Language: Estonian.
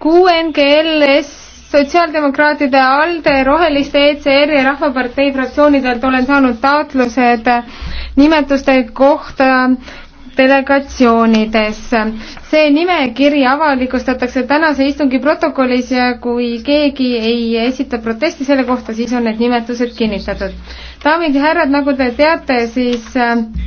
QNGL-s sotsiaaldemokraatide, ALDE, Roheliste, ECR ja Rahvapartei fraktsioonidelt olen saanud taotlused nimetuste kohta delegatsioonides. see nimekiri avalikustatakse tänase istungi protokollis ja kui keegi ei esita protesti selle kohta, siis on need nimetused kinnitatud. daamid ja härrad, nagu te teate, siis äh,